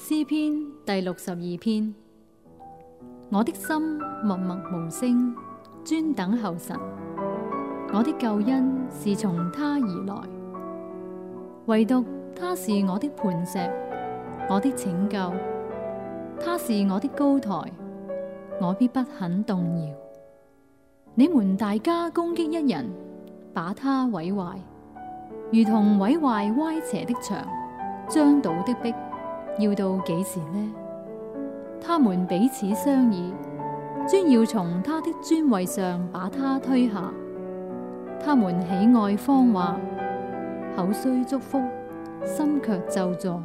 詩篇第六十二篇，我的心默默無聲，專等候神。我的救恩是從他而來，唯獨他是我的磐石，我的拯救。他是我的高台，我必不肯動搖。你們大家攻擊一人，把他毀壞，如同毀壞歪斜的牆，將倒的壁。要到幾時呢？他們彼此商議，專要從他的尊位上把他推下。他們喜愛謊話，口雖祝福，心卻咒詛。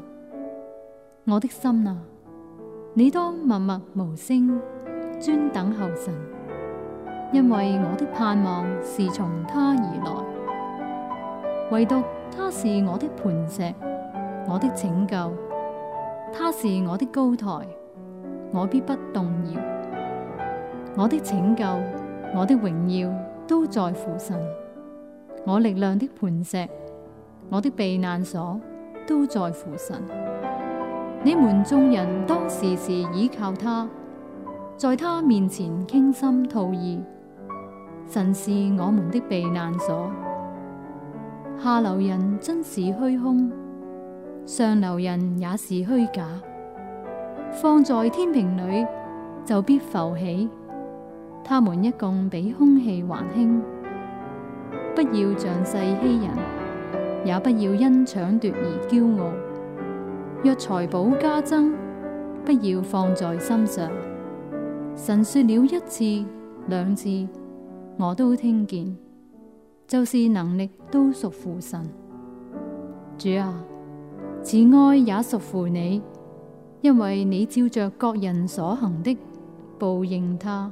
我的心啊，你當默默無聲，專等候神，因為我的盼望是從他而來。唯獨他是我的磐石，我的拯救。他是我的高臺，我必不動搖。我的拯救，我的榮耀都在乎神。我力量的磐石，我的避難所都在乎神。你們眾人當時是倚靠他，在他面前傾心吐意。神是我們的避難所，下流人真是虛空。上流人也是虛假，放在天平裏就必浮起。他們一共比空氣還輕。不要仗勢欺人，也不要因搶奪而驕傲。若財寶加增，不要放在心上。神說了一次、兩次，我都聽見，就是能力都屬乎神。主啊！慈愛也屬乎你，因為你照着各人所行的報應他。